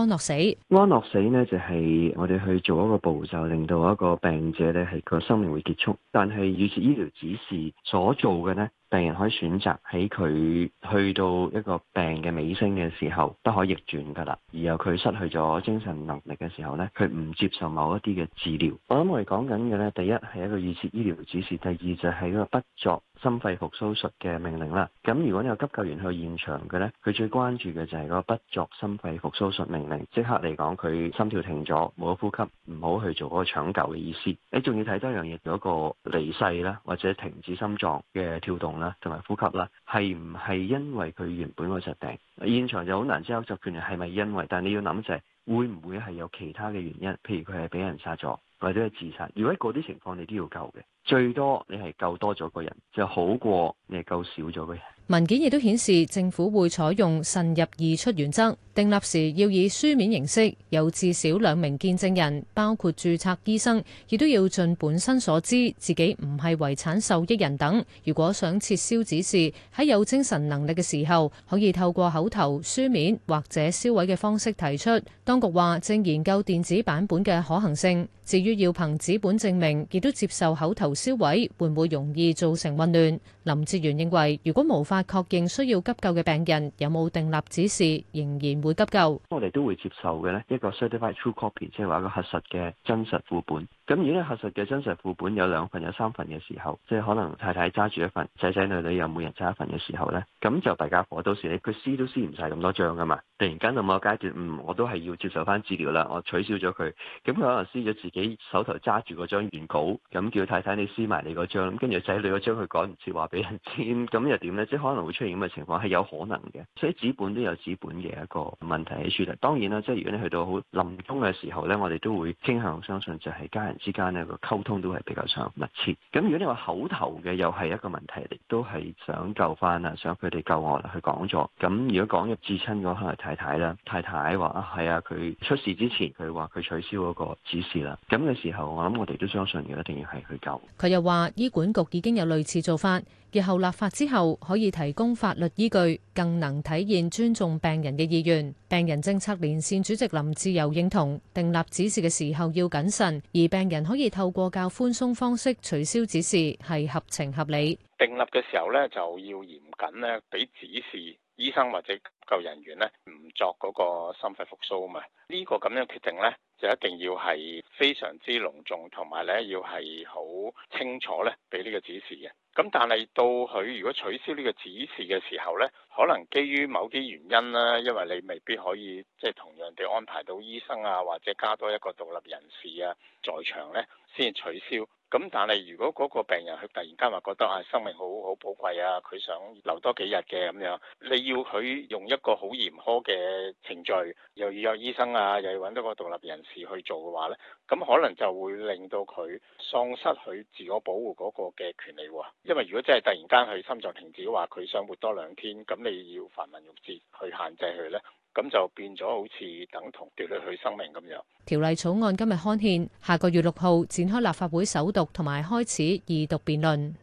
安樂死，安樂死呢，就係我哋去做一個步驟，令到一個病者咧係個生命會結束。但係預設醫療指示所做嘅呢，病人可以選擇喺佢去到一個病嘅尾聲嘅時候，不可逆轉噶啦。然後佢失去咗精神能力嘅時候呢，佢唔接受某一啲嘅治療。我諗我哋講緊嘅呢，第一係一個預設醫療指示，第二就係一個不作。心肺復蘇術嘅命令啦，咁如果你有急救員去現場嘅呢，佢最關注嘅就係個不作心肺復蘇術命令，即刻嚟講佢心跳停咗，冇咗呼吸，唔好去做嗰個搶救嘅意思。你仲要睇多樣嘢，嗰個離世啦，或者停止心臟嘅跳動啦，同埋呼吸啦，係唔係因為佢原本個疾病？現場就好難即刻就決定係咪因為，但係你要諗就係會唔會係有其他嘅原因，譬如佢係俾人殺咗，或者係自殺。如果嗰啲情況你都要救嘅。最多你係救多咗個人，就好過你係救少咗個人。文件亦都顯示政府會採用慎入易出原則，訂立時要以書面形式，有至少兩名見證人，包括註冊醫生，亦都要盡本身所知自己唔係遺產受益人等。如果想撤銷指示，喺有精神能力嘅時候，可以透過口頭、書面或者銷毀嘅方式提出。當局話正研究電子版本嘅可行性，至於要憑紙本證明，亦都接受口頭。銷毀會唔會容易造成混亂？林哲玄認為，如果無法確認需要急救嘅病人有冇訂立指示，仍然會急救。我哋都會接受嘅咧，一個 certified true copy，即係話一個核實嘅真實副本。咁而呢，核實嘅真實副本有兩份、有三份嘅時候，即係可能太太揸住一份，仔仔女女又每人揸一份嘅時候呢。咁就大家伙到時呢，佢撕都撕唔晒咁多張噶嘛。突然間到某個階段，嗯，我都係要接受翻治療啦，我取消咗佢。咁佢可能撕咗自己手頭揸住嗰張原稿，咁叫太太你撕埋你嗰張，跟住仔女嗰張佢趕唔切話俾人知，咁又點呢？即係可能會出現咁嘅情況，係有可能嘅。所以紙本都有紙本嘅一個問題喺處㗎。當然啦，即係如果你去到好臨終嘅時候呢，我哋都會傾向相信就係家人。之間呢個溝通都係比較上密切。咁如果你話口頭嘅又係一個問題，亦都係想救翻啊，想佢哋救我去講咗。咁如果講入至親嘅可能太太啦，太太話啊係啊，佢出事之前佢話佢取消嗰個指示啦。咁嘅時候，我諗我哋都相信嘅，一定要係去救。佢又話：醫管局已經有類似做法，以後立法之後可以提供法律依據，更能體現尊重病人嘅意願。病人政策連線主席林志由認同，訂立指示嘅時候要謹慎，而病。人可以透過較寬鬆方式取消指示，係合情合理。訂立嘅時候咧，就要嚴謹咧，俾指示醫生或者。救人員咧唔作嗰個心肺復蘇啊嘛，呢個咁樣決定咧就一定要係非常之隆重，同埋咧要係好清楚咧俾呢個指示嘅。咁但係到佢如果取消呢個指示嘅時候咧，可能基於某啲原因啦，因為你未必可以即係、就是、同樣地安排到醫生啊，或者加多一個獨立人士啊在場咧先取消。咁但係如果嗰個病人佢突然間話覺得啊生命好好寶貴啊，佢想多留多幾日嘅咁樣，你要佢用一個好嚴苛嘅程序，又要約醫生啊，又要揾到個獨立人士去做嘅話呢，咁可能就會令到佢喪失佢自我保護嗰個嘅權利喎。因為如果真係突然間佢心臟停止，話佢想活多兩天，咁你要繁文縟節去限制佢呢，咁就變咗好似等同奪奪佢生命咁樣。條例草案今日刊憲，下個月六號展開立法會首讀，同埋開始二讀辯論。